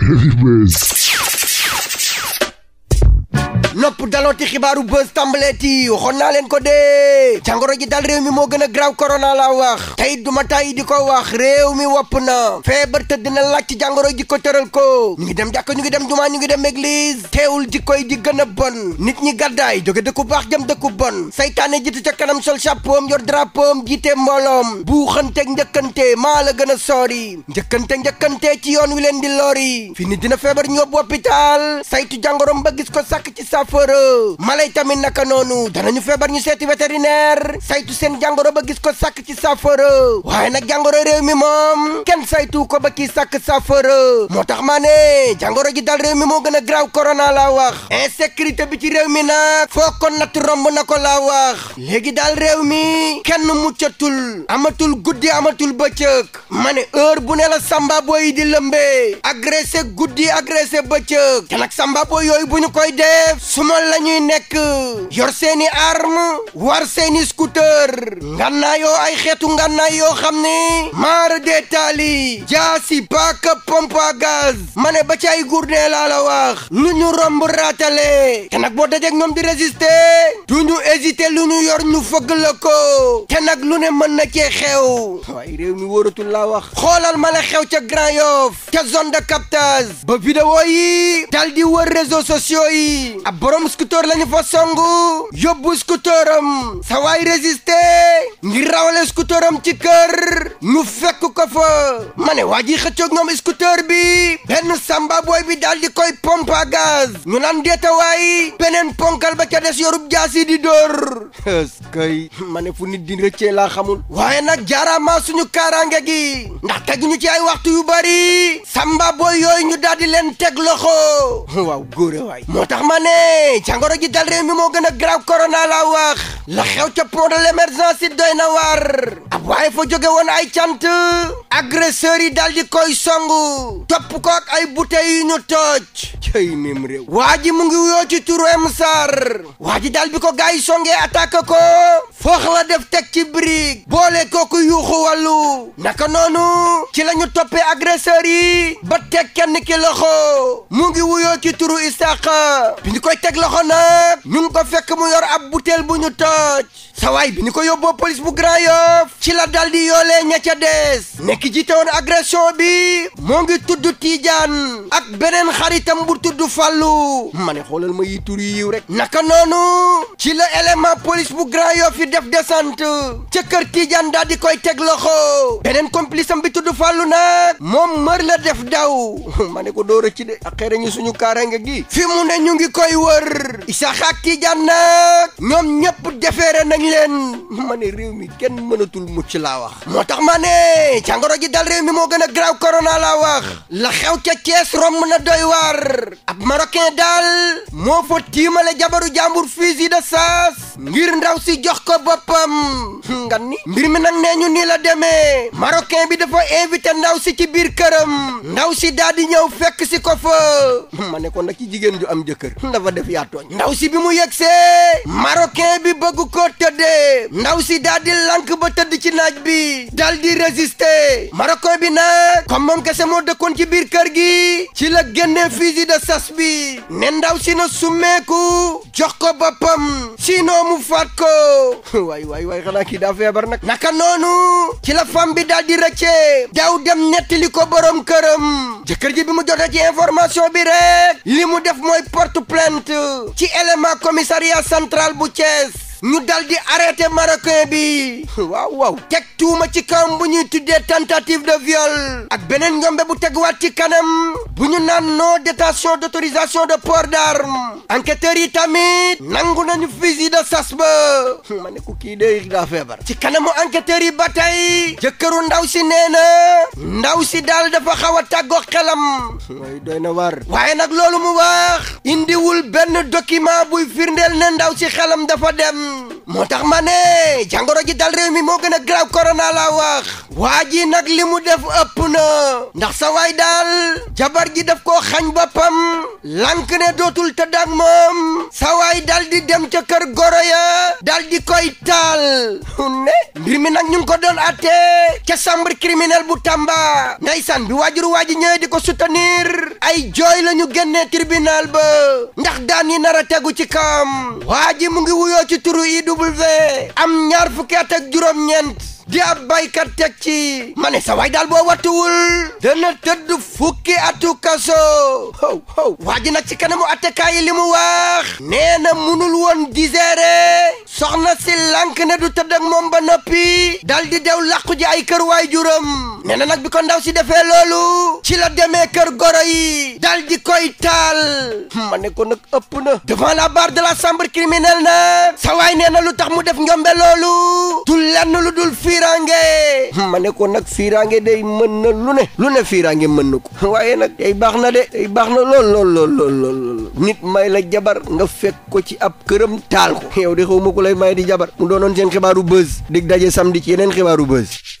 Anyways. nopp dalooti xibaaru buzz tàmbaleeti waxoon naa leen ko dee jàngoro ji dal réew mi moo gën a graaw corona laa wax tey duma tàyyi di ko wax réew mi wopp na feebar tëdd na laaj ci jàngoro ji ko tëral ko ñu ngi dem jàkk ñu ngi dem jumaa ñu ngi dem église teewul ji koy di a bon nit ñi gàddaay jóge dëkku baax jëm dëkku bon saytaane jiitu ca kanam sol chapeau am yor drapeau te jiite mbooloom buuxanteeg njëkkante maa la gën a soori njëkkante njëkkante ci yoon wi leen di lori fi dina feebar ñu yóbbu hôpital saytu ba gis ko sàkk ci sa saafara mala yi tamit naka dana ñu feebar ñu seeti vétérinaire saytu seen jàngoro ba gis ko sàkk ci saafara waaye nag jàngoro réew mi moom kenn saytu ko ba kii sàkk saafara moo tax maa ne jàngoro ji dal réew mi moo gën a graaw corona laa wax insécurité bi ci réew mi nag foo ko natt romb na ko laa wax léegi daal réew mi kenn muccatul amatul guddi amatul bëccëg mane ne bu ne la samba booy di lëmbee agressé guddi agressé bëccëg te nag samba booy yooyu bu ñu koy suma la ñuy nekk yor seeni arme war seeni scooter ngannaayoo ay xeetu ngannaay yoo xam ne maara deetaali jaasi paaka pompe à gaz ma ne ba ci ay gourdin laa la wax lu ñu romb raatale te nag boo dajeeg ñoom di résister du ñu hésiter lu ñu yor ñu fëgg la ko te lu ne mën na cee xew waaye réew mi wóoratul laa wax xoolal ma xew ca Grand Yoff ca zone de ba vidéo yi dal di wër réseaux sociaux yi borom scooter lañu fa songu yóbbu scooteram sa waay résisté ngir rawale scooteram ci kër ñu fekk ko fa ma ne waa ji xëccoog ñoom scooter bi benn samba booy bi daal di koy pompe à gaz ñu naan deetawaay beneen ponkal ba ca des yorub jaasi di dóor eskay ma ne fu nit di rëccee la xamul waaye nag jaaraamaa suñu kaaraange gi ndax teg ñu ci ay waxtu yu bari samba booy yooyu ñu daal di leen teg loxo waaw góore waay moo tax ma ne jàngoro ji dal réew mi moo gën a grave corona laa wax la ca pont de l'émergence doy na waar ab waaye fa jóge woon ay cant agresseurs yi dal di koy songu topp ko ak ay bouteilles yu ñu tooj cëy mim réew waa ji mu ngi wuyoo ci turu M Sarr waa ji dal bi ko gars yi songee attaque ko foox la def teg ci brique boole kooku yuuxu wàllu naka noonu ci lañu ñu toppee agresseurs yi ba teg kenn ki loxo mu ngi wuyoo ci turu Isaaqa bi ñu koy teg loxo nag ñu ngi ko fekk mu yor ab butéel bu ñu tooj sawaay bi ni ko yóbboo police bu Grand Yoff ci la dal di yoolee ña ca dees nekk jiite woon agression bi moo ngi tudd Tidiane ak beneen xaritam bu tudd Fallou ma ne xoolal ma yi tur yiw rek naka noonu ci la élément police bu Grand Yoff fi def descente ca kër Tidiane daal di koy teg loxo beneen complice bi tudd Fallou nag moom mër la def daw ma ne ko doo ci de ak xeere ñu suñu kaaraange gi fi mu ne ñu ngi koy wër Isaaxa ak Tidiane nag ñoom ñëpp defeere nañ leen ma ne réew mi kenn mënatul mucc laa wax moo tax ma ne jàngoro ji dal réew moo gën a graaw corona laa wax la xew ca Thiès romb na doy waar ab marocain daal moo fa tiimale jabaru jàmbur fusil de sas ngir ndaw si jox ko boppam nga ni mbir mi nag nee ñu nii la demee marocain bi dafa invité ndaw si ci biir këram ndaw si daal di ñëw fekk si ko fa ma ko nag ci jigéen ju am jëkkër dafa def yaa tooñ ndaw si bi mu yegsee marocain bi bëgg ko tëddee ndaw si daal di ba tëdd ci naaj bi daal di résister marocain bi nag comme moom kese moo dëkkoon ci biir kër gi ci la génnee fusil de bi ne ndaw si na summeeku jox ko boppam sinon mu faat ko waay waay waay xanaa kii daa feebar nag naka noonu ci la femme bi daal di rëccee daw dem nettali ko borom këram jëkkër ji bi mu jotee ci information bi rek li mu def mooy porte plainte ci élément commissariat central bu ñu dal di arrêté marocain bi waaw waaw teg tuuma ci kawam bu ñuy tuddee tentative de viol ak beneen ngombe bu teguwaat ci kanam bu ñu naan non détention d'autorisation de port d'arme enquêteurs yi tamit nangu nañu fusil de sas ba ma ne kii de daa feebar ci kanamu enquêteurs yi ba tey jëkkëru ndaw si nee na ndaw si daal dafa xaw a xelam mooy doy na war waaye nag loolu mu wax indiwul benn document buy firndeel ne ndaw si xelam dafa dem moo tax ma ne jàngoro ji dal réew mi moo gën a grave corona laa wax ji nag li mu def ëpp na ndax sa waay daal jabar ji def koo xañ boppam lank ne dootul tëdd ak moom sa waay dal di dem ca kër goro ya dal di koy taal ne mbir mi nag ñu ko doon atte ca chambre criminelle bu Tamba ndeysaan bi waajuru waa ji di ko soutenir ay jooy la ñu génnee tribunal ba ndax daan yi nar a kam waa mu ngi wuyoo ci turu UIW am ñaar fukki at ak juróom di ab baykat teg ci mane ne sa waay daal boo wattuwul dana tëdd fukki atu kaso how how waa ji nag ci kanamu attekaay yi li mu wax nee na munul woon digérer soxna si lànk ne du tëdd ak moom ba noppi dal di dew làqu ji ay kër waay juram nee na nag bi ko ndaw si defee loolu ci la demee kër goro dal di koy taal ma ko nag ëpp na devant la barre de la chambre criminelle na sa waay nee lu tax mu def njombe loolu du lenn lu dul fiirange hmm. ma ne ko nag fiirange day mën na lu ne lu ne fiirange mën na ko waaye nag tey baax na de tey baax na lool lool lool lool nit may la jabar nga fekk ko ci ab këram taal ko yow de xaw ma ko lay may di jabar mu doonoon seen xibaaru buzz dig daje di ci yeneen xibaaru buzz